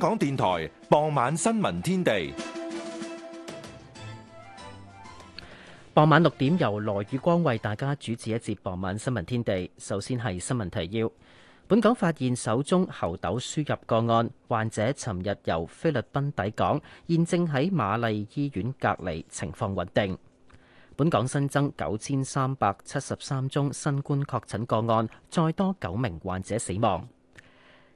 香港電台傍晚新聞天地。傍晚六點由羅宇光為大家主持一節傍晚新聞天地。首先係新聞提要：本港發現首宗猴痘輸入個案，患者尋日由菲律賓抵港，現正喺瑪麗醫院隔離，情況穩定。本港新增九千三百七十三宗新冠確診個案，再多九名患者死亡。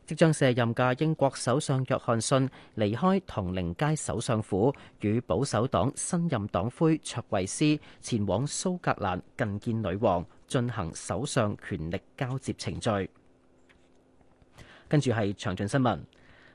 即將卸任嘅英國首相約翰遜離開唐寧街首相府，與保守黨新任黨魁卓維斯前往蘇格蘭覲見女王，進行首相權力交接程序。跟住係詳盡新聞。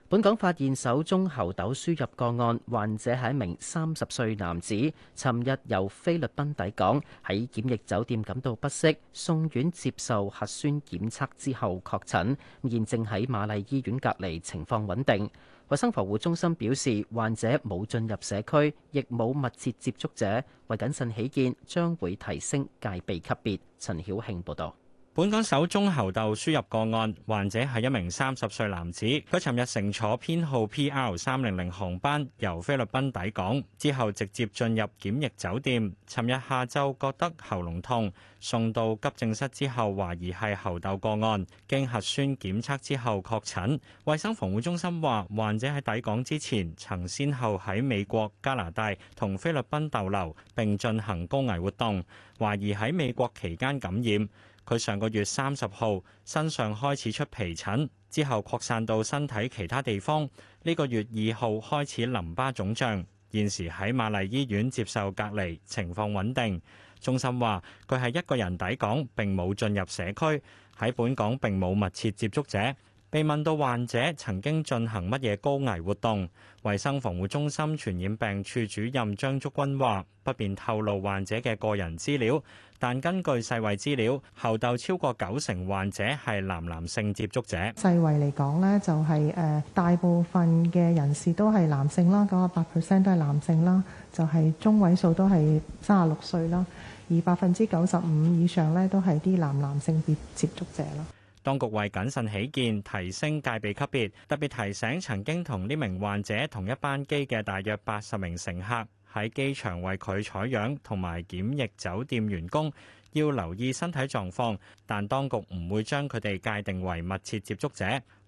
本港發現首宗猴痘輸入個案，患者係一名三十歲男子，尋日由菲律賓抵港，喺檢疫酒店感到不適，送院接受核酸檢測之後確診，現正喺瑪麗醫院隔離，情況穩定。衞生防護中心表示，患者冇進入社區，亦冇密切接觸者，為謹慎起見，將會提升戒備級別。陳曉慶報道。本港首宗猴痘輸入個案，患者係一名三十歲男子。佢尋日乘坐編號 PR 三零零航班由菲律賓抵港，之後直接進入檢疫酒店。尋日下晝覺得喉嚨痛，送到急症室之後，懷疑係猴痘個案，經核酸檢測之後確診。衛生防護中心話，患者喺抵港之前曾先後喺美國、加拿大同菲律賓逗留，並進行高危活動，懷疑喺美國期間感染。佢上個月三十號身上開始出皮疹，之後擴散到身體其他地方。呢個月二號開始淋巴腫脹，現時喺瑪麗醫院接受隔離，情況穩定。中心話佢係一個人抵港，並冇進入社區，喺本港並冇密切接觸者。被問到患者曾經進行乜嘢高危活動，衛生防護中心傳染病處主任張竹君話：不便透露患者嘅個人資料，但根據世衞資料，猴痘超過九成患者係男男性接觸者。世衞嚟講呢，就係誒大部分嘅人士都係男性啦，九啊八 percent 都係男性啦，就係中位數都係三十六歲啦，而百分之九十五以上呢，都係啲男男性接接觸者啦。當局為謹慎起見，提升戒備級別，特別提醒曾經同呢名患者同一班機嘅大約八十名乘客，喺機場為佢採樣同埋檢疫酒店員工，要留意身體狀況，但當局唔會將佢哋界定為密切接觸者。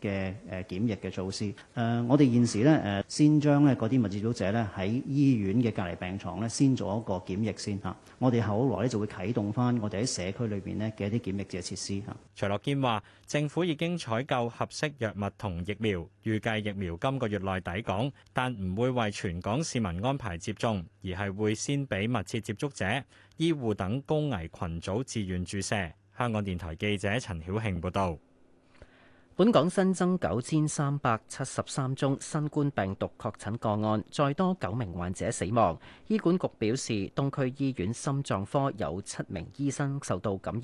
嘅誒檢疫嘅措施，誒、uh, 我哋現時咧誒先將咧嗰啲密切接觸者呢，喺醫院嘅隔離病床呢，先做一個檢疫先吓，我哋後來咧就會啟動翻我哋喺社區裏邊呢，嘅一啲檢疫嘅設施吓。徐樂堅話，政府已經採購合適藥物同疫苗，預計疫苗今個月內抵港，但唔會為全港市民安排接種，而係會先俾密切接觸者、醫護等高危群組自願注射。香港電台記者陳曉慶報道。本港新增九千三百七十三宗新冠病毒確診個案，再多九名患者死亡。醫管局表示，東區醫院心臟科有七名醫生受到感染，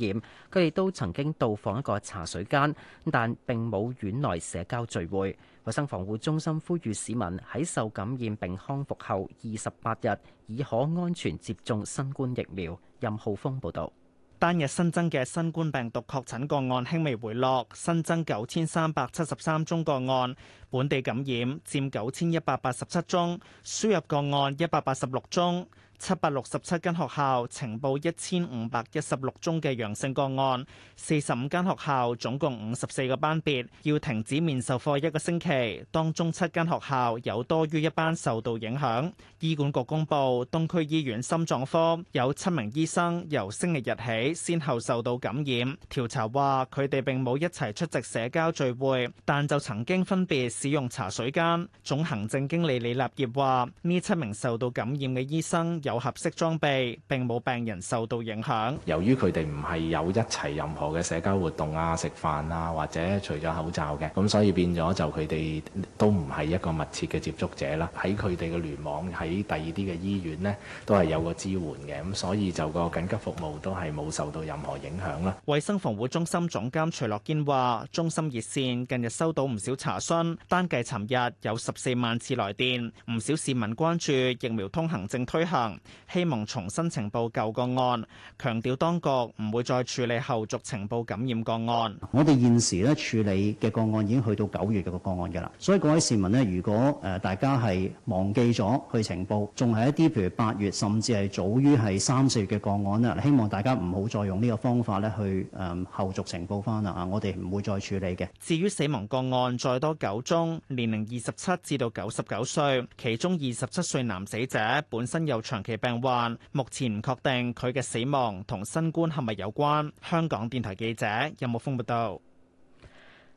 佢哋都曾經到訪一個茶水間，但並冇院內社交聚會。衛生防護中心呼籲市民喺受感染並康復後二十八日，已可安全接種新冠疫苗。任浩峰報道。單日新增嘅新冠病毒確診個案輕微回落，新增九千三百七十三宗個案，本地感染佔九千一百八十七宗，輸入個案一百八十六宗。七百六十七間學校呈報一千五百一十六宗嘅陽性個案，四十五間學校總共五十四個班別要停止面授課一個星期，當中七間學校有多於一班受到影響。醫管局公布，東區醫院心臟科有七名醫生由星期日起先後受到感染。調查話佢哋並冇一齊出席社交聚會，但就曾經分別使用茶水間。總行政經理李立業話：呢七名受到感染嘅醫生。有合適裝備，並冇病人受到影響。由於佢哋唔係有一齊任何嘅社交活動啊、食飯啊，或者除咗口罩嘅，咁所以變咗就佢哋都唔係一個密切嘅接觸者啦。喺佢哋嘅聯網喺第二啲嘅醫院呢，都係有個支援嘅，咁所以就個緊急服務都係冇受到任何影響啦。衛生防護中心總監徐樂堅話，中心熱線近日收到唔少查詢，單計尋日有十四萬次來電，唔少市民關注疫苗通行證推行。希望重新呈報舊個案，強調當局唔會再處理後續呈報感染個案。我哋現時咧處理嘅個案已經去到九月嘅個，個案噶啦，所以各位市民呢，如果誒大家係忘記咗去呈報，仲係一啲譬如八月，甚至係早於係三四月嘅個案啦，希望大家唔好再用呢個方法咧去誒、嗯、後續呈報返啦，我哋唔會再處理嘅。至於死亡個案再多九宗，年齡二十七至到九十九歲，其中二十七歲男死者本身有長其病患目前唔確定佢嘅死亡同新冠係咪有關。香港電台記者任木峰報道。有有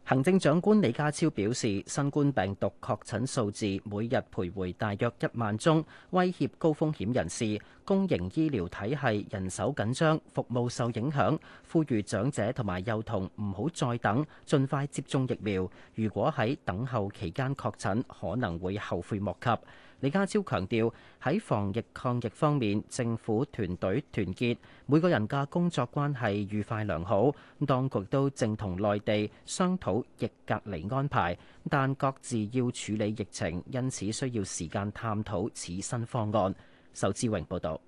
行政長官李家超表示，新冠病毒確診數字每日徘徊大約一萬宗，威脅高風險人士。公營醫療體系人手緊張，服務受影響。呼籲長者同埋幼童唔好再等，盡快接種疫苗。如果喺等候期間確診，可能會後悔莫及。李家超強調喺防疫抗疫方面，政府團隊團結，每個人嘅工作關係愉快良好。當局都正同內地商討逆隔離安排，但各自要處理疫情，因此需要時間探討此新方案。首志榮報道。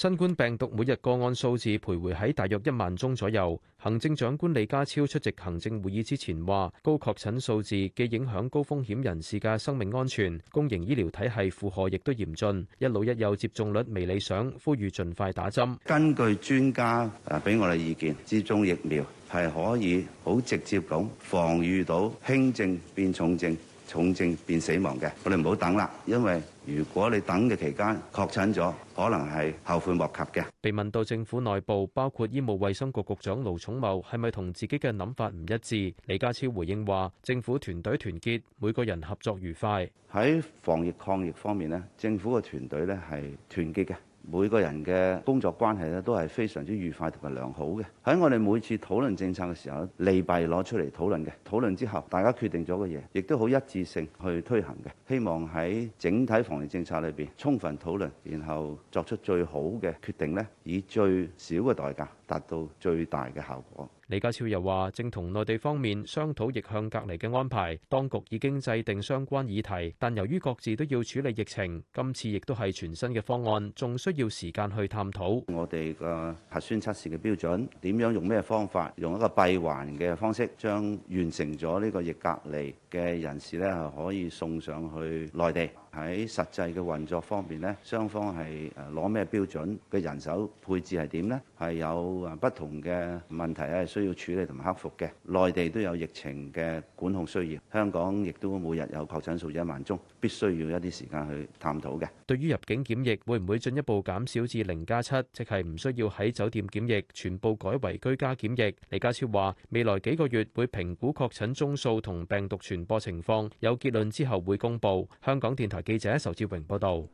新冠病毒每日個案數字徘徊喺大約一萬宗左右。行政長官李家超出席行政會議之前話，高確診數字既影響高風險人士嘅生命安全，公營醫療體系負荷亦都嚴峻。一老一幼接種率未理想，呼籲盡快打針。根據專家啊，俾我哋意見接種疫苗係可以好直接咁防禦到輕症變重症。重症變死亡嘅，我哋唔好等啦，因為如果你等嘅期間確診咗，可能係後悔莫及嘅。被問到政府內部包括醫務衛生局局長盧寵茂係咪同自己嘅諗法唔一致，李家超回應話：政府團隊團結，每個人合作愉快。喺防疫抗疫方面呢，政府嘅團隊呢係團結嘅。每個人嘅工作關係咧，都係非常之愉快同埋良好嘅。喺我哋每次討論政策嘅時候，利弊攞出嚟討論嘅。討論之後大家決定咗嘅嘢，亦都好一致性去推行嘅。希望喺整體防疫政策裏邊充分討論，然後作出最好嘅決定呢，以最少嘅代價達到最大嘅效果。李家超又話：正同內地方面商討逆向隔離嘅安排，當局已經制定相關議題，但由於各自都要處理疫情，今次亦都係全新嘅方案，仲需要時間去探討我哋嘅核酸測試嘅標準，點樣用咩方法，用一個閉環嘅方式，將完成咗呢個逆隔離嘅人士呢，可以送上去內地。喺實際嘅運作方面呢，雙方係攞咩標準嘅人手配置係點呢？係有不同嘅問題係需要處理同埋克服嘅。內地都有疫情嘅管控需要，香港亦都每日有確診數字一萬宗，必須要一啲時間去探討嘅。對於入境檢疫會唔會進一步減少至零加七，即係唔需要喺酒店檢疫，全部改為居家檢疫？李家超話：未來幾個月會評估確診宗數同病毒傳播情況，有結論之後會公佈。香港電台。記者仇志榮報道，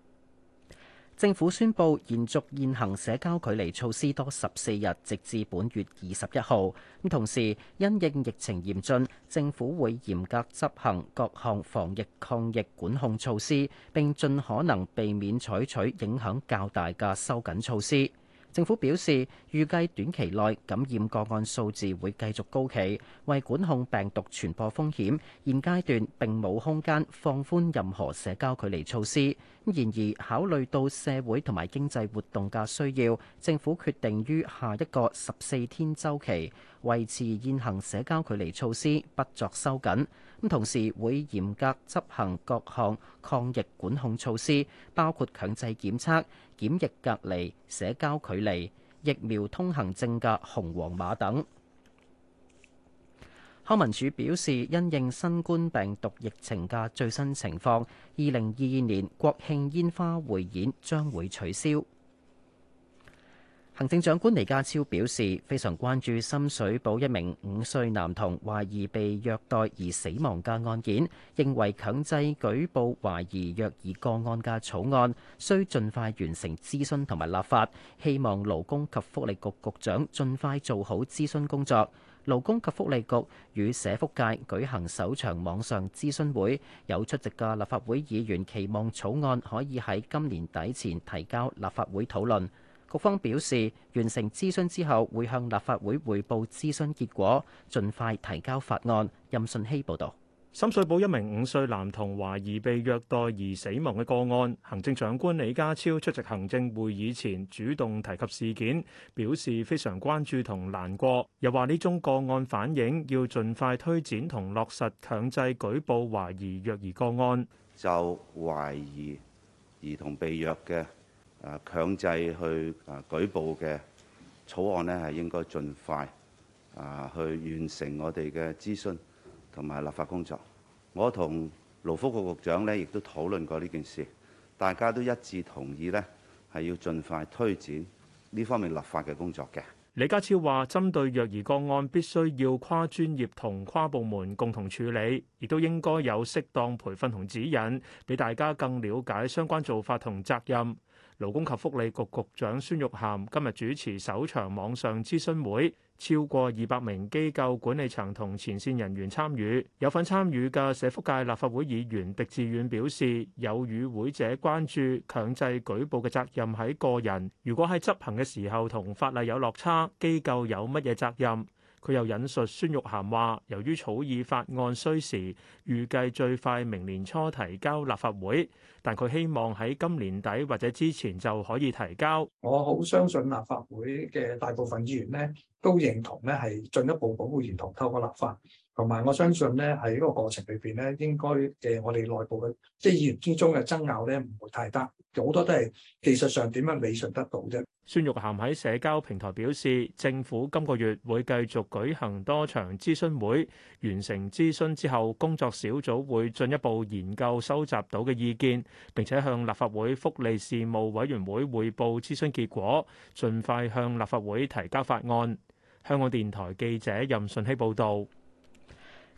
政府宣佈延續現行社交距離措施多十四日，直至本月二十一號。咁同時，因應疫情嚴峻，政府會嚴格執行各項防疫抗疫管控措施，並盡可能避免採取影響較大嘅收緊措施。政府表示，預計短期內感染個案數字會繼續高企，為管控病毒傳播風險，現階段並冇空間放寬任何社交距離措施。然而，考慮到社會同埋經濟活動嘅需要，政府決定於下一個十四天周期維持現行社交距離措施不作收緊，同時會嚴格執行各項抗疫管控措施，包括強制檢測。檢疫隔離、社交距離、疫苗通行證嘅紅黃碼等。康文署表示，因應新冠病毒疫情嘅最新情況，二零二二年國慶煙花匯演將會取消。行政長官李家超表示，非常關注深水埗一名五歲男童懷疑被虐待而死亡嘅案件，認為強制舉報懷疑虐兒個案嘅草案，需盡快完成諮詢同埋立法，希望勞工及福利局局長盡快做好諮詢工作。勞工及福利局與社福界舉行首場網上諮詢會，有出席嘅立法會議員期望草案可以喺今年底前提交立法會討論。局方表示，完成諮詢之後會向立法會匯報諮詢結果，盡快提交法案。任舜熙報導。深水埗一名五歲男童懷疑被虐待而死亡嘅個案，行政長官李家超出席行政會議前主動提及事件，表示非常關注同難過，又話呢宗個案反映要盡快推展同落實強制舉報懷疑虐兒個案。就懷疑兒童被虐嘅誒強制去誒舉報嘅草案呢，係應該盡快啊去完成我哋嘅諮詢同埋立法工作。我同勞福局局長呢，亦都討論過呢件事，大家都一致同意呢，係要盡快推展呢方面立法嘅工作嘅。李家超話，針對虐兒個案，必須要跨專業同跨部門共同處理，亦都應該有適當培訓同指引，俾大家更了解相關做法同責任。勞工及福利局局長孫玉菡今日主持首場網上諮詢會，超過二百名機構管理層同前線人員參與。有份參與嘅社福界立法會議員狄志遠表示，有與會者關注強制舉報嘅責任喺個人，如果喺執行嘅時候同法例有落差，機構有乜嘢責任？佢又引述孫玉菡話，由於草擬法案需時，預計最快明年初提交立法會，但佢希望喺今年底或者之前就可以提交。我好相信立法會嘅大部分議員呢都認同呢係進一步保護原圖透過立法。同埋，我相信咧喺呢個過程裏邊咧，應該嘅我哋內部嘅即係議員之中嘅爭拗咧，唔會太大，好多都係技術上點樣理順得到啫。孫玉涵喺社交平台表示，政府今個月會繼續舉行多場諮詢會，完成諮詢之後，工作小組會進一步研究收集到嘅意見，並且向立法會福利事務委員會匯報諮詢結果，盡快向立法會提交法案。香港電台記者任順希報導。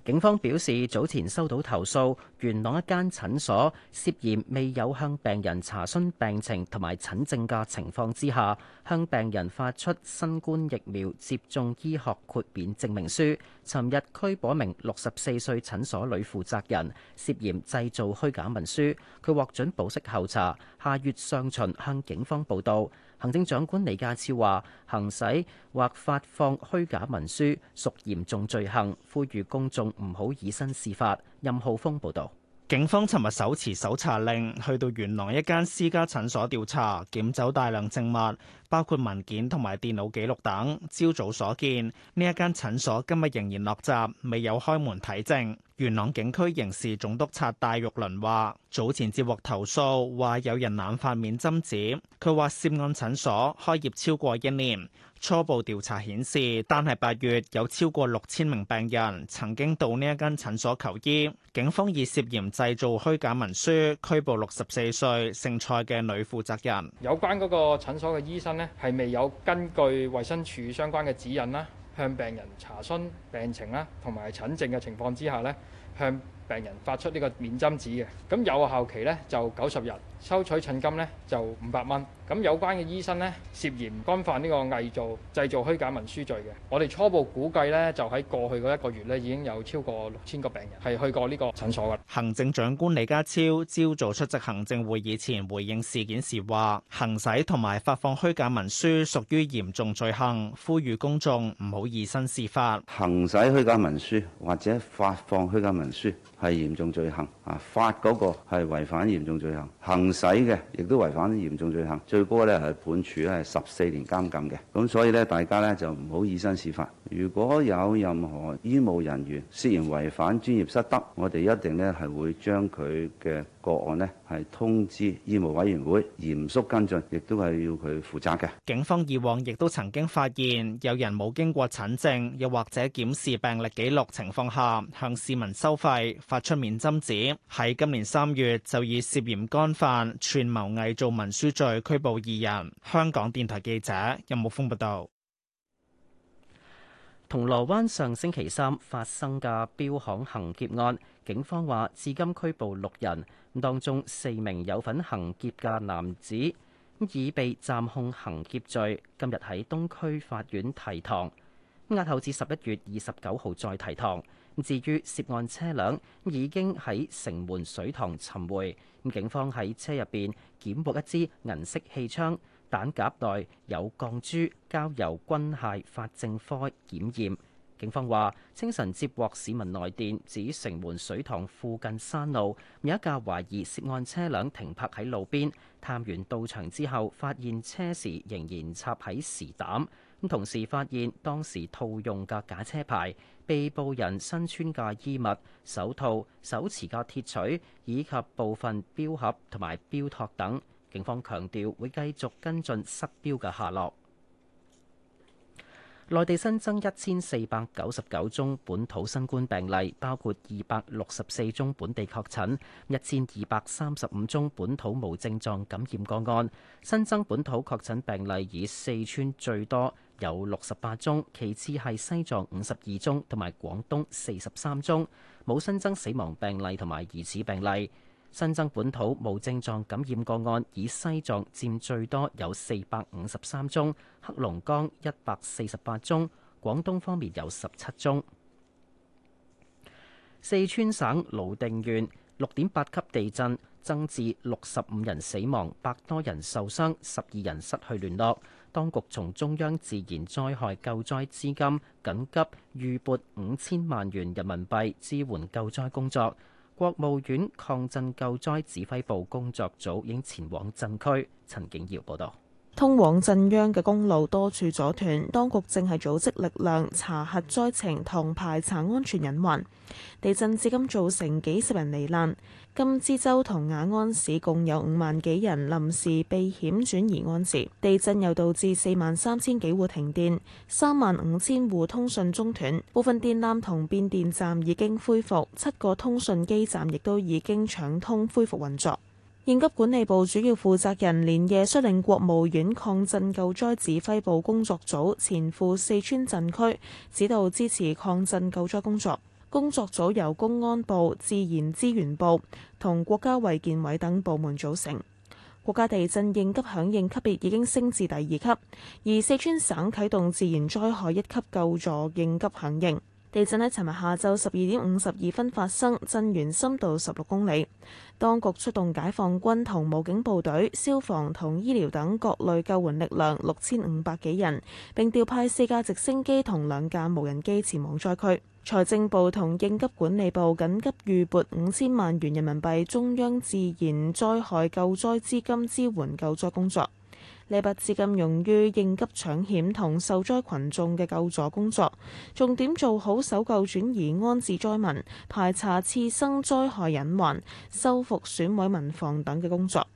警方表示，早前收到投訴，元朗一間診所涉嫌未有向病人查詢病情同埋診症嘅情況之下，向病人發出新冠疫苗接種醫學豁免證明書。尋日拘捕名六十四歲診所女負責人，涉嫌製造虛假文書，佢獲准保釋候查，下月上旬向警方報到。行政長官李家超話：行使或發放虛假文書屬嚴重罪行，呼籲公眾唔好以身試法。任浩峰報導。警方尋日手持搜查令去到元朗一間私家診所調查，檢走大量證物，包括文件同埋電腦記錄等。朝早所見，呢一間診所今日仍然落閘，未有開門睇症。元朗警區刑事總督察戴玉麟話：早前接獲投訴，話有人濫發免針紙。佢話涉案診所開業超過一年，初步調查顯示，單係八月有超過六千名病人曾經到呢一間診所求醫。警方以涉嫌製造虛假文書拘捕六十四歲姓蔡嘅女負責人。有關嗰個診所嘅醫生呢，係未有根據衞生署相關嘅指引啦。向病人查詢病情啦，同埋診症嘅情況之下咧，向。病人發出呢個免針紙嘅，咁有效期呢，就九十日，收取診金呢，就五百蚊。咁有關嘅醫生呢，涉嫌唔干犯呢個偽造、製造虛假文書罪嘅。我哋初步估計呢，就喺過去嗰一個月呢，已經有超過六千個病人係去過呢個診所㗎。行政長官李家超朝早出席行政會議前回應事件時話，行使同埋發放虛假文書屬於嚴重罪行，呼籲公眾唔好以身試法。行使虛假文書或者發放虛假文書。係嚴重罪行啊！發嗰個係違反嚴重罪行，行使嘅亦都違反嚴重罪行，最高咧係判處咧係十四年監禁嘅。咁所以咧，大家咧就唔好以身試法。如果有任何醫務人員涉嫌違反專業失德，我哋一定咧係會將佢嘅。個案呢係通知醫務委員會嚴肅跟進，亦都係要佢負責嘅。警方以往亦都曾經發現有人冇經過診症，又或者檢視病歷記錄情況下，向市民收費發出免針紙。喺今年三月就以涉嫌干犯串謀偽造文書罪拘捕二人。香港電台記者任木峯報道。銅鑼灣上星期三發生嘅標行行劫案，警方話至今拘捕六人，咁當中四名有份行劫嘅男子已被暫控行劫罪，今日喺東區法院提堂，咁押後至十一月二十九號再提堂。至於涉案車輛，已經喺城門水塘尋回，咁警方喺車入邊檢獲一支銀色氣槍。蛋夾內有鋼珠，交由軍械法證科檢驗。警方話：清晨接獲市民來電，指城門水塘附近山路有一架懷疑涉案車輛停泊喺路邊。探員到場之後，發現車匙仍然插喺時膽，咁同時發現當時套用嘅假車牌、被捕人身穿嘅衣物、手套、手持嘅鐵錘以及部分錶盒同埋錶托等。警方強調會繼續跟進失標嘅下落。內地新增一千四百九十九宗本土新冠病例，包括二百六十四宗本地確診，一千二百三十五宗本土無症狀感染個案。新增本土確診病例以四川最多，有六十八宗，其次係西藏五十二宗，同埋廣東四十三宗。冇新增死亡病例同埋疑似病例。新增本土無症狀感染個案，以西藏佔最多，有四百五十三宗；黑龍江一百四十八宗；廣東方面有十七宗。四川省瀘定縣六點八級地震，增至六十五人死亡，百多人受傷，十二人失去聯絡。當局從中央自然災害救災資金緊急預撥五千萬元人民幣，支援救災工作。國務院抗震救災指揮部工作組已經前往震區。陳景堯報道。通往震央嘅公路多處阻斷，當局正係組織力量查核災情同排查安全隱患。地震至今造成幾十人罹難，甘孜州同雅安市共有五萬幾人臨時避險轉移安置。地震又導致四萬三千幾戶停電，三萬五千戶通訊中斷。部分電纜同變電站已經恢復，七個通訊基站亦都已經搶通恢復運作。應急管理部主要負責人連夜率領國務院抗震救災指揮部工作組前赴四川震區，指導支持抗震救災工作。工作組由公安部、自然資源部同國家衛健委等部門組成。國家地震應急響應級別已經升至第二級，而四川省啟動自然災害一級救助應急響應。地震喺尋日下晝十二點五十二分發生，震源深度十六公里。當局出動解放軍同武警部隊、消防同醫療等各類救援力量六千五百幾人，並調派四架直升機同兩架無人機前往災區。財政部同應急管理部緊急預撥五千萬元人民幣中央自然災害救災資金支援救災工作。呢筆資金用於應急搶險同受災群眾嘅救助工作，重點做好搜救、轉移、安置災民、排查次生災害隱患、修復損毀民房等嘅工作。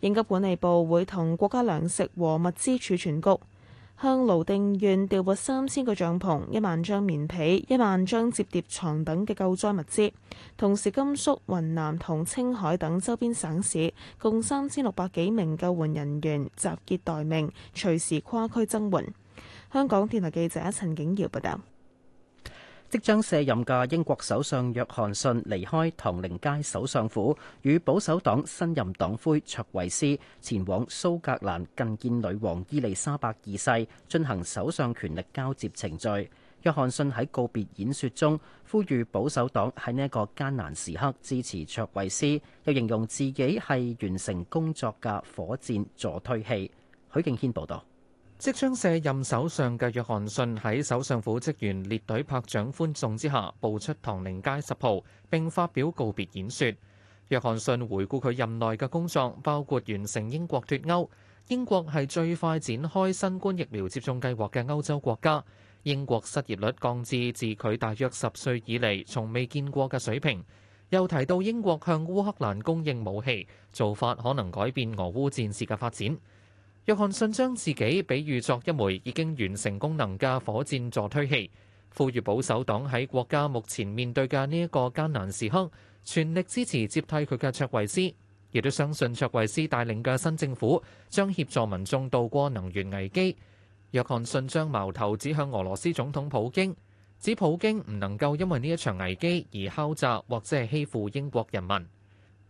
應急管理部會同國家糧食和物資儲存局，向瀘定縣調撥三千個帳篷、一萬張棉被、一萬張摺疊床等嘅救災物資，同時甘肅、雲南同青海等周邊省市共三千六百幾名救援人員集結待命，隨時跨區增援。香港電台記者陳景堯報道。即將卸任嘅英國首相約翰遜離開唐寧街首相府，與保守黨新任黨魁卓維斯前往蘇格蘭覲見女王伊麗莎白二世，進行首相權力交接程序。約翰遜喺告別演說中呼籲保守黨喺呢一個艱難時刻支持卓維斯，又形容自己係完成工作嘅火箭助推器。許敬軒報道。即將卸任首相嘅約翰遜喺首相府職員列隊拍掌歡送之下，步出唐寧街十號並發表告別演說。約翰遜回顧佢任內嘅工作，包括完成英國脱歐、英國係最快展開新冠疫苗接種計劃嘅歐洲國家、英國失業率降至自佢大約十歲以嚟從未見過嘅水平，又提到英國向烏克蘭供應武器做法可能改變俄烏戰事嘅發展。約翰遜將自己比喻作一枚已經完成功能嘅火箭助推器，呼籲保守黨喺國家目前面對嘅呢一個艱難時刻，全力支持接替佢嘅卓慧思，亦都相信卓慧思帶領嘅新政府將協助民眾渡過能源危機。約翰遜將矛頭指向俄羅斯總統普京，指普京唔能夠因為呢一場危機而敲詐或者係欺負英國人民。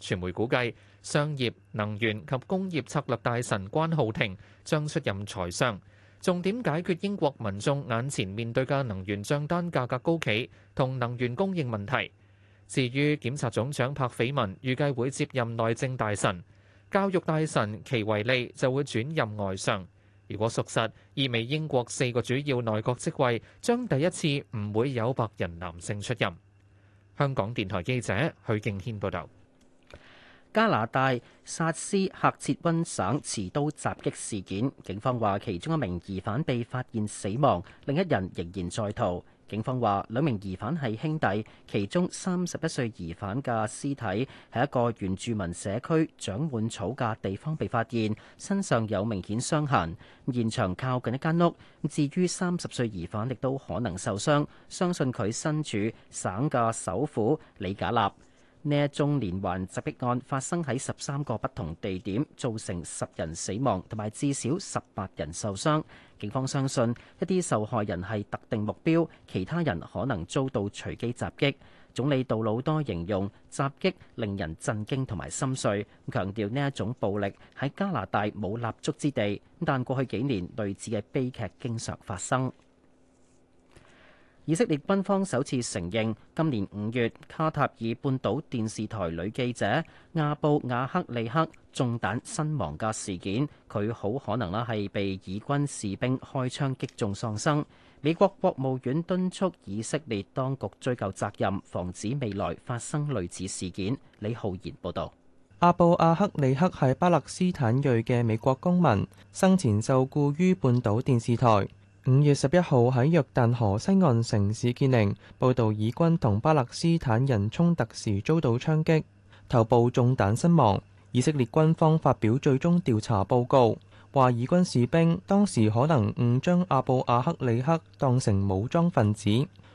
傳媒估計，商業、能源及工業策略大臣關浩庭將出任財相，重點解決英國民眾眼前面對嘅能源帳單價格高企同能源供應問題。至於檢察總長柏斐文，預計會接任內政大臣，教育大臣祁維利就會轉任外相。如果屬實，意味英國四個主要內閣職位將第一次唔會有白人男性出任。香港電台記者許敬軒報道。加拿大薩斯喀徹溫省持刀襲擊事件，警方話其中一名疑犯被發現死亡，另一人仍然在逃。警方話兩名疑犯係兄弟，其中三十一歲疑犯嘅屍體喺一個原住民社區長滿草嘅地方被發現，身上有明顯傷痕。現場靠近一間屋，至於三十歲疑犯亦都可能受傷，相信佢身處省嘅首府里賈納。呢一宗連環襲擊案發生喺十三個不同地點，造成十人死亡同埋至少十八人受傷。警方相信一啲受害人係特定目標，其他人可能遭到隨機襲擊。總理杜魯多形容襲擊令人震驚同埋心碎，強調呢一種暴力喺加拿大冇立足之地。但過去幾年類似嘅悲劇經常發生。以色列軍方首次承認，今年五月卡塔爾半島電視台女記者阿布亞克利克中彈身亡嘅事件，佢好可能啦係被以軍士兵開槍擊中喪生。美國國務院敦促以色列當局追究責任，防止未來發生類似事件。李浩然報導。阿布亞克利克係巴勒斯坦裔嘅美國公民，生前受僱於半島電視台。五月十一號喺約旦河西岸城市傑寧報導，以軍同巴勒斯坦人衝突時遭到槍擊，頭部中彈身亡。以色列軍方發表最終調查報告，話以軍士兵當時可能誤將阿布阿克里克當成武裝分子。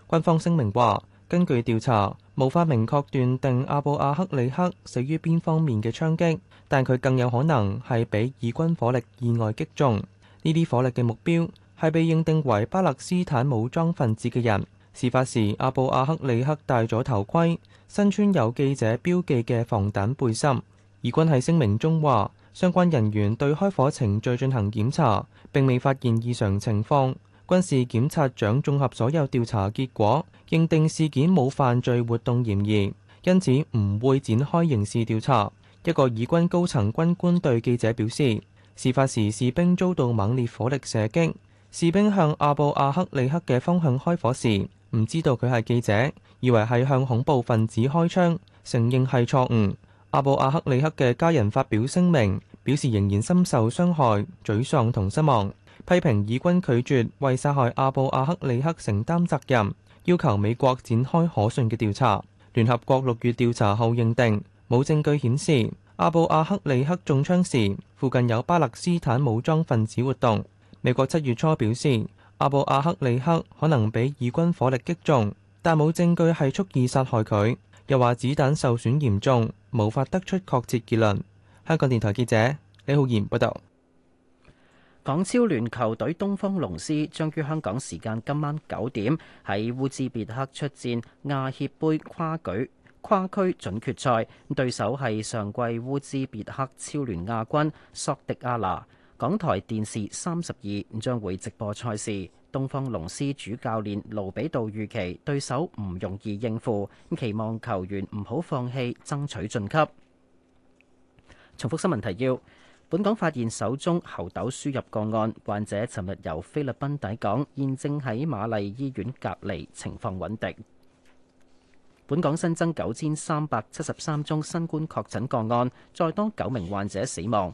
軍方聲明話，根據調查，無法明確斷定阿布阿克里克死於邊方面嘅槍擊，但佢更有可能係被以軍火力意外擊中，呢啲火力嘅目標係被認定為巴勒斯坦武裝分子嘅人。事發時，阿布阿克里克戴咗頭盔，身穿有記者標記嘅防彈背心。以軍喺聲明中話，相關人員對開火程序進行檢查，並未發現異常情況。軍事檢察長綜合所有調查結果，認定事件冇犯罪活動嫌疑，因此唔會展開刑事調查。一個以軍高層軍官對記者表示，事發時士兵遭到猛烈火力射擊。士兵向阿布阿克利克嘅方向開火時，唔知道佢係記者，以為係向恐怖分子開槍，承認係錯誤。阿布阿克利克嘅家人發表聲明，表示仍然深受傷害、沮喪同失望，批評以軍拒絕為殺害阿布阿克利克承擔責任，要求美國展開可信嘅調查。聯合國六月調查後認定，冇證據顯示阿布阿克利克中槍時附近有巴勒斯坦武裝分子活動。美國七月初表示，阿布阿克里克可能被以軍火力擊中，但冇證據係蓄意殺害佢。又話子彈受損嚴重，無法得出確切結論。香港電台記者李浩然報道。港超聯球隊東方龍獅將於香港時間今晚九點喺烏茲別克出戰亞協杯跨舉跨區準決賽，咁對手係上季烏茲別克超聯亞軍索迪亞拿。港台電視三十二將會直播賽事。東方龍獅主教練盧比道預期對手唔容易應付，期望球員唔好放棄爭取晉級。重複新聞提要：本港發現首宗猴痘輸入個案，患者尋日由菲律賓抵港，現正喺瑪麗醫院隔離，情況穩定。本港新增九千三百七十三宗新冠確診個案，再多九名患者死亡。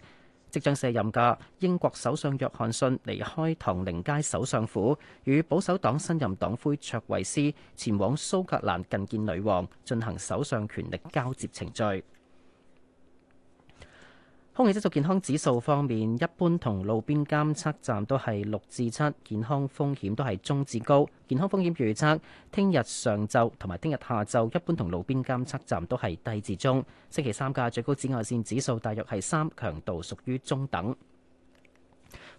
即將卸任嘅英國首相約翰遜離開唐寧街首相府，與保守黨新任黨魁卓維斯前往蘇格蘭覲見女王，進行首相權力交接程序。空氣質素健康指數方面，一般同路邊監測站都係六至七，健康風險都係中至高。健康風險預測，聽日上晝同埋聽日下晝，一般同路邊監測站都係低至中。星期三嘅最高紫外線指數大約係三，強度屬於中等。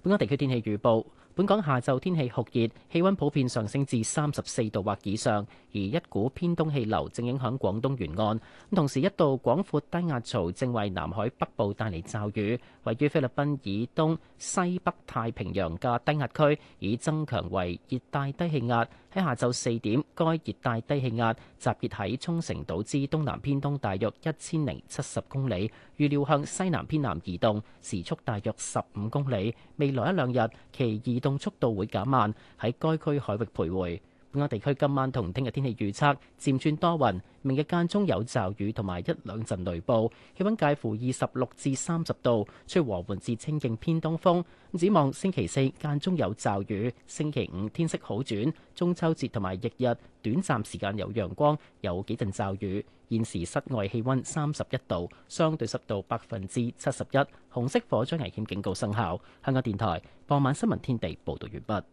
本港地區天氣預報。本港下晝天氣酷熱，氣温普遍上升至三十四度或以上，而一股偏東氣流正影響廣東沿岸。咁同時，一道廣闊低壓槽正為南海北部帶嚟驟雨。位於菲律賓以東西北太平洋嘅低壓區，已增強為熱帶低氣壓。喺下晝四點，該熱帶低氣壓集結喺沖繩島之東南偏東大約一千零七十公里，預料向西南偏南移動，時速大約十五公里。未來一兩日，其移動。速度會減慢，喺該區海域徘徊。本港地區今晚同聽日天氣預測漸轉多雲，明日間中有驟雨同埋一兩陣雷暴，氣温介乎二十六至三十度，吹和緩至清勁偏東風。展望星期四間中有驟雨，星期五天色好轉，中秋節同埋翌日短暫時間有陽光，有幾陣驟雨。現時室外氣温三十一度，相對濕度百分之七十一，紅色火災危險警告生效。香港電台傍晚新聞天地報道完畢。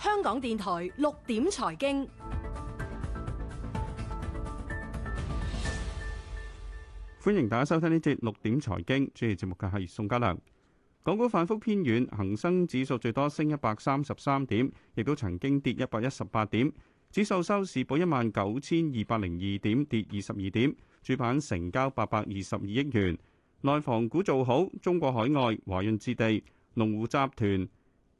香港電台六點財經，歡迎大家收聽呢節六點財經，主持節目嘅係宋家良。港股反覆偏軟，恒生指數最多升一百三十三點，亦都曾經跌一百一十八點。指數收市報一萬九千二百零二點，跌二十二點。主板成交八百二十二億元。內房股做好，中國海外、華潤置地、龍湖集團。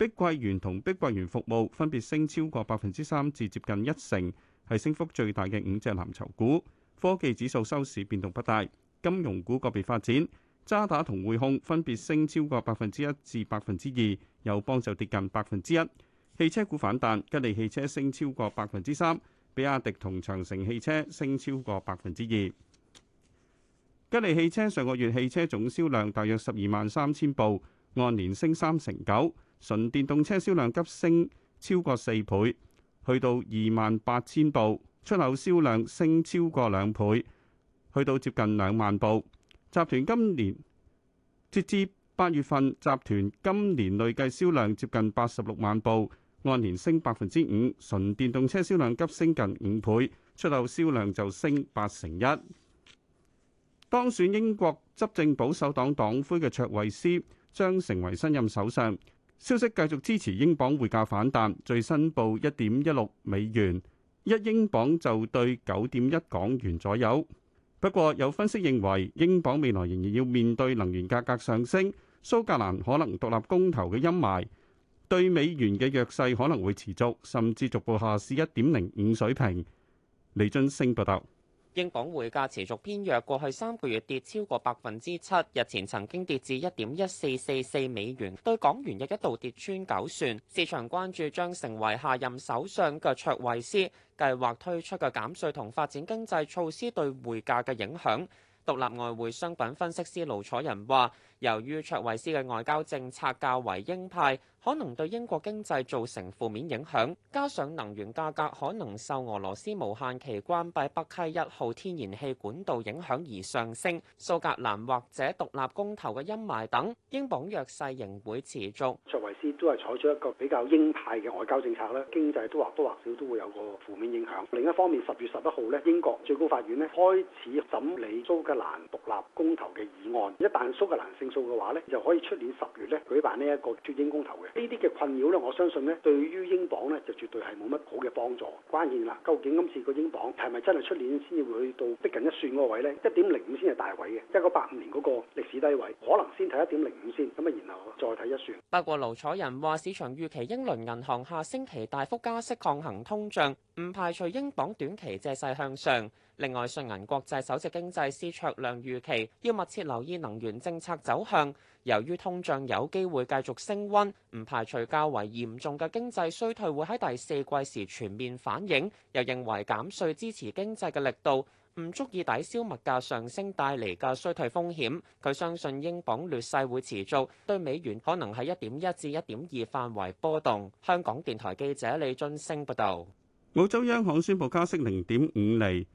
碧桂園同碧桂園服務分別升超過百分之三至接近一成，係升幅最大嘅五隻藍籌股。科技指數收市變動不大，金融股個別發展，渣打同匯控分別升超過百分之一至百分之二，友邦就跌近百分之一。汽車股反彈，吉利汽車升超過百分之三，比亞迪同長城汽車升超過百分之二。吉利汽車上個月汽車總銷量大約十二萬三千部，按年升三成九。純電動車銷量急升超過四倍，去到二萬八千部；出口銷量升超過兩倍，去到接近兩萬部。集團今年截至八月份，集團今年累計銷量接近八十六萬部，按年升百分之五。純電動車銷量急升近五倍，出口銷量就升八成一。當選英國執政保守黨黨魁嘅卓慧思將成為新任首相。消息繼續支持英鎊匯價反彈，最新報一點一六美元，一英鎊就對九點一港元左右。不過有分析認為，英鎊未來仍然要面對能源價格上升、蘇格蘭可能獨立公投嘅陰霾，對美元嘅弱勢可能會持續，甚至逐步下試一點零五水平。李津升報道。英鎊匯價持續偏弱，過去三個月跌超過百分之七，日前曾經跌至一點一四四四美元，對港元亦一度跌穿九算。市場關注將成為下任首相嘅卓慧斯計劃推出嘅減稅同發展經濟措施對匯價嘅影響。獨立外匯商品分析師盧楚仁話，由於卓慧斯嘅外交政策較為鷹派，可能對英國經濟造成負面影響，加上能源價格可能受俄羅斯無限期關閉北溪一號天然氣管道影響而上升，蘇格蘭或者獨立公投嘅陰霾等，英鎊弱勢仍會持續。卓維斯都係採取一個比較鷹派嘅外交政策咧，經濟都或多或少都會有個負面影響。另一方面，十月十一號呢，英國最高法院咧開始審理蘇格蘭獨立公投嘅議案，一旦蘇格蘭勝訴嘅話呢就可以出年十月呢舉辦呢一個絕英公投嘅。呢啲嘅困擾咧，我相信咧，對於英鎊咧，就絕對係冇乜好嘅幫助。關鍵啦，究竟今次個英鎊係咪真係出年先至會去到逼近一算嗰位呢？一點零五先係大位嘅，一個八五年嗰個歷史低位，可能先睇一點零五先，咁啊，然後再睇一算。不過，盧彩仁話：市場預期英倫銀行下星期大幅加息抗衡通脹，唔排除英鎊短期借勢向上。另外，信銀國際首席經濟師卓亮預期要密切留意能源政策走向，由於通脹有機會繼續升温，唔排除較為嚴重嘅經濟衰退會喺第四季時全面反映。又認為減稅支持經濟嘅力度唔足以抵消物價上升帶嚟嘅衰退風險。佢相信英鎊劣勢會持續，對美元可能喺一點一至一點二範圍波動。香港電台記者李晉星報道。澳洲央行宣布加息零點五厘。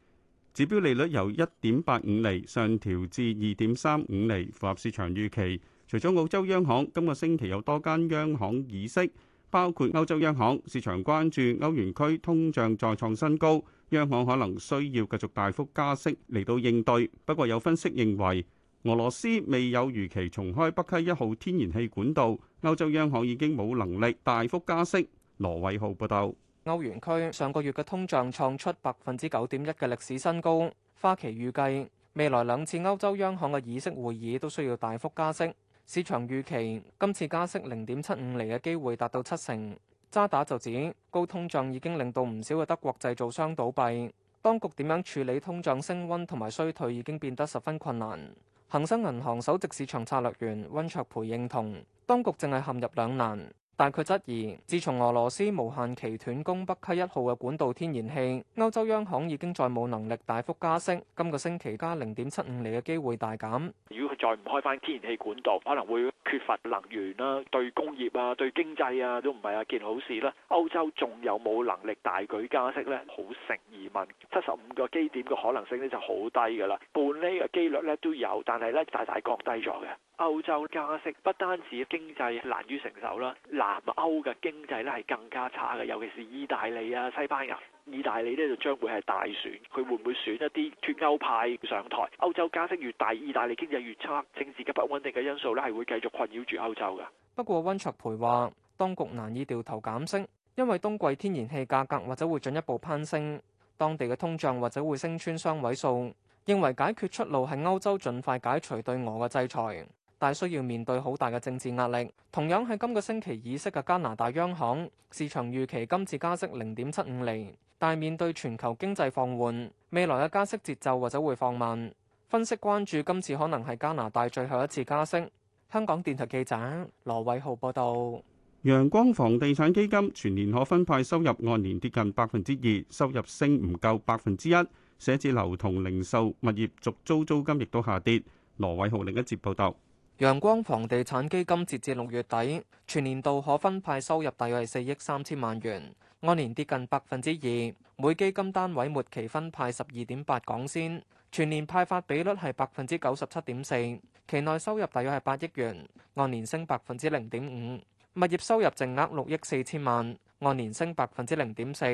指標利率由一點八五厘上調至二點三五厘，符合市場預期。除咗澳洲央行，今個星期有多間央行議息，包括歐洲央行。市場關注歐元區通脹再創新高，央行可能需要繼續大幅加息嚟到應對。不過有分析認為，俄羅斯未有如期重開北溪一號天然氣管道，歐洲央行已經冇能力大幅加息。羅偉浩報道。歐元區上個月嘅通脹創出百分之九點一嘅歷史新高。花旗預計未來兩次歐洲央行嘅議息會議都需要大幅加息。市場預期今次加息零點七五厘嘅機會達到七成。渣打就指高通脹已經令到唔少嘅德國製造商倒閉。當局點樣處理通脹升溫同埋衰退已經變得十分困難。恒生銀行首席市場策略員溫卓培認同，當局淨係陷入兩難。但佢質疑，自從俄羅斯無限期斷供北溪一號嘅管道天然氣，歐洲央行已經再冇能力大幅加息。今個星期加零點七五厘嘅機會大減。如果佢再唔開翻天然氣管道，可能會缺乏能源啦，對工業啊、對經濟啊都唔係一件好事啦。歐洲仲有冇能力大舉加息咧？好成疑問，七十五個基點嘅可能性咧就好低㗎啦。半厘嘅機率咧都有，但係咧大大降低咗嘅。歐洲加息不單止經濟難於承受啦，南歐嘅經濟咧係更加差嘅，尤其是意大利啊、西班牙。意大利呢就將會係大選，佢會唔會選一啲脱歐派上台？歐洲加息越大，意大利經濟越差，政治嘅不穩定嘅因素咧係會繼續困擾住歐洲㗎。不過溫卓培話，當局難以掉頭減息，因為冬季天然氣價格或者會進一步攀升，當地嘅通脹或者會升穿雙位數。認為解決出路係歐洲盡快解除對俄嘅制裁。大需要面對好大嘅政治壓力。同樣係今個星期議息嘅加拿大央行，市場預期今次加息零點七五厘，但面對全球經濟放緩，未來嘅加息節奏或者會放慢。分析關注今次可能係加拿大最後一次加息。香港電台記者羅偉浩報道。陽光房地產基金全年可分派收入按年跌近百分之二，收入升唔夠百分之一。寫字樓同零售物業續租租金亦都下跌。羅偉豪另一節報道。陽光房地產基金截至六月底，全年度可分派收入大約係四億三千萬元，按年跌近百分之二。每基金單位末期分派十二點八港仙，全年派發比率係百分之九十七點四。期內收入大約係八億元，按年升百分之零點五。物業收入淨額六億四千萬，按年升百分之零點四。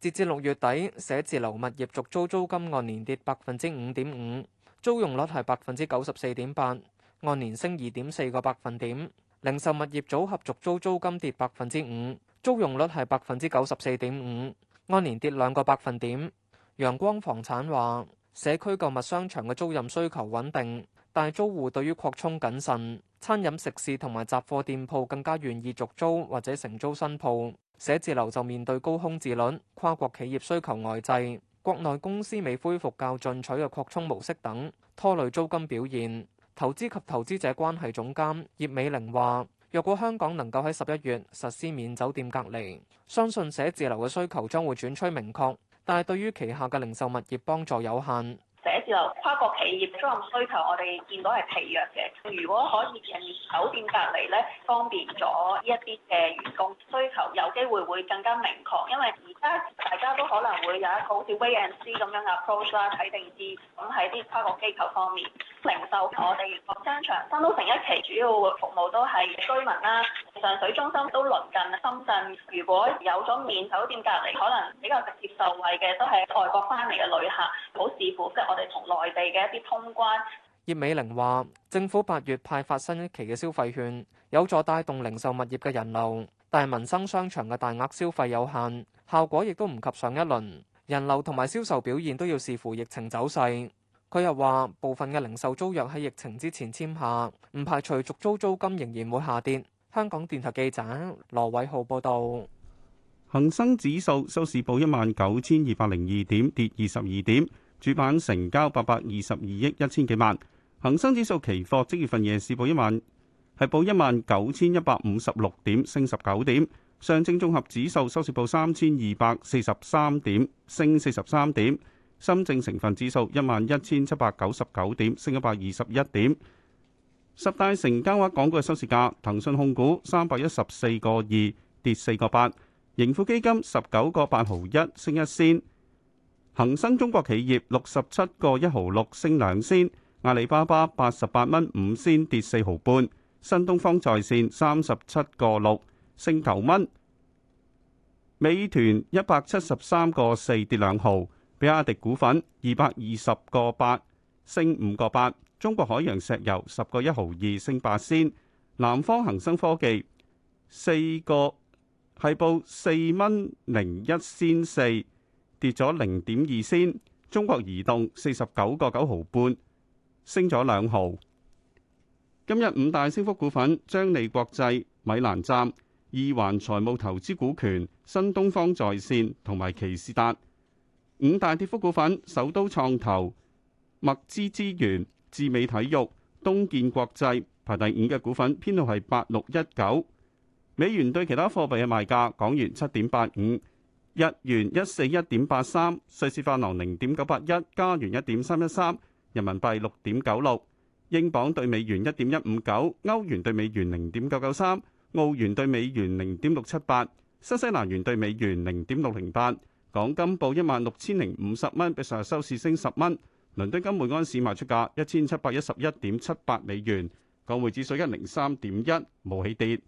截至六月底，寫字樓物業續租租金按年跌百分之五點五，租用率係百分之九十四點八。按年升二點四個百分點，零售物業組合續租，租租金跌百分之五，租用率係百分之九十四點五，按年跌兩個百分點。陽光房產話：社區購物商場嘅租賃需求穩定，但租戶對於擴充謹慎，餐飲食肆同埋雜貨店鋪更加願意續租或者承租新鋪。寫字樓就面對高空置率，跨國企業需求外滯，國內公司未恢復較，較進取嘅擴充模式等，拖累租金表現。投資及投資者關係總監葉美玲話：若果香港能夠喺十一月實施免酒店隔離，相信寫字樓嘅需求將會轉趨明確，但係對於旗下嘅零售物業幫助有限。就跨國企業嘅招聘需求，我哋見到係疲弱嘅。如果可以免酒店隔離咧，方便咗呢一啲嘅員工需求，有機會會更加明確。因為而家大家都可能會有一個好似 wait and see 咁樣嘅 approach 啦，睇定啲。咁喺啲跨國機構方面，零售我哋如講商場，新都城一期主要服務都係居民啦。上水中心都鄰近深圳，如果有咗免酒店隔離，可能比較直接受惠嘅都係外國翻嚟嘅旅客。好視乎即係我哋。同內地嘅一啲通關。葉美玲話：政府八月派發新一期嘅消費券，有助帶動零售物業嘅人流，但係民生商場嘅大額消費有限，效果亦都唔及上一輪，人流同埋銷售表現都要視乎疫情走勢。佢又話：部分嘅零售租約喺疫情之前簽下，唔排除續租租金仍然會下跌。香港電台記者羅偉浩報道。恒生指數收市報一萬九千二百零二點，跌二十二點。主板成交八百二十二億一千幾萬，恒生指數期貨即月份夜市報一萬，係報一萬九千一百五十六點，升十九點。上證綜合指數收市報三千二百四十三點，升四十三點。深證成分指數一萬一千七百九十九點，升一百二十一點。十大成交額港股嘅收市價，騰訊控股三百一十四個二，跌四個八。盈富基金十九個八毫一，升一仙。恒生中國企業六十七個一毫六升兩仙，阿里巴巴八十八蚊五仙跌四毫半，新東方在線三十七個六升九蚊，美團一百七十三個四跌兩毫，比亞迪股份二百二十個八升五個八，中國海洋石油十個一毫二升八仙，南方恒生科技四個係報四蚊零一仙四。跌咗零點二仙，中國移動四十九個九毫半，升咗兩毫。今日五大升幅股份：張利國際、米蘭站、二環財務投資股權、新東方在綫同埋奇士達。五大跌幅股份：首都創投、麥芝資源、智美體育、東建國際。排第五嘅股份，編號係八六一九。美元對其他貨幣嘅賣價，港元七點八五。日元一四一點八三，瑞士法郎零點九八一，加元一點三一三，人民幣六點九六，英鎊對美元一點一五九，歐元對美元零點九九三，澳元對美元零點六七八，新西蘭元對美元零點六零八。港金報一萬六千零五十蚊，比上日收市升十蚊。倫敦金每安士賣出價一千七百一十一點七八美元，港匯指數一零三點一，冇起跌。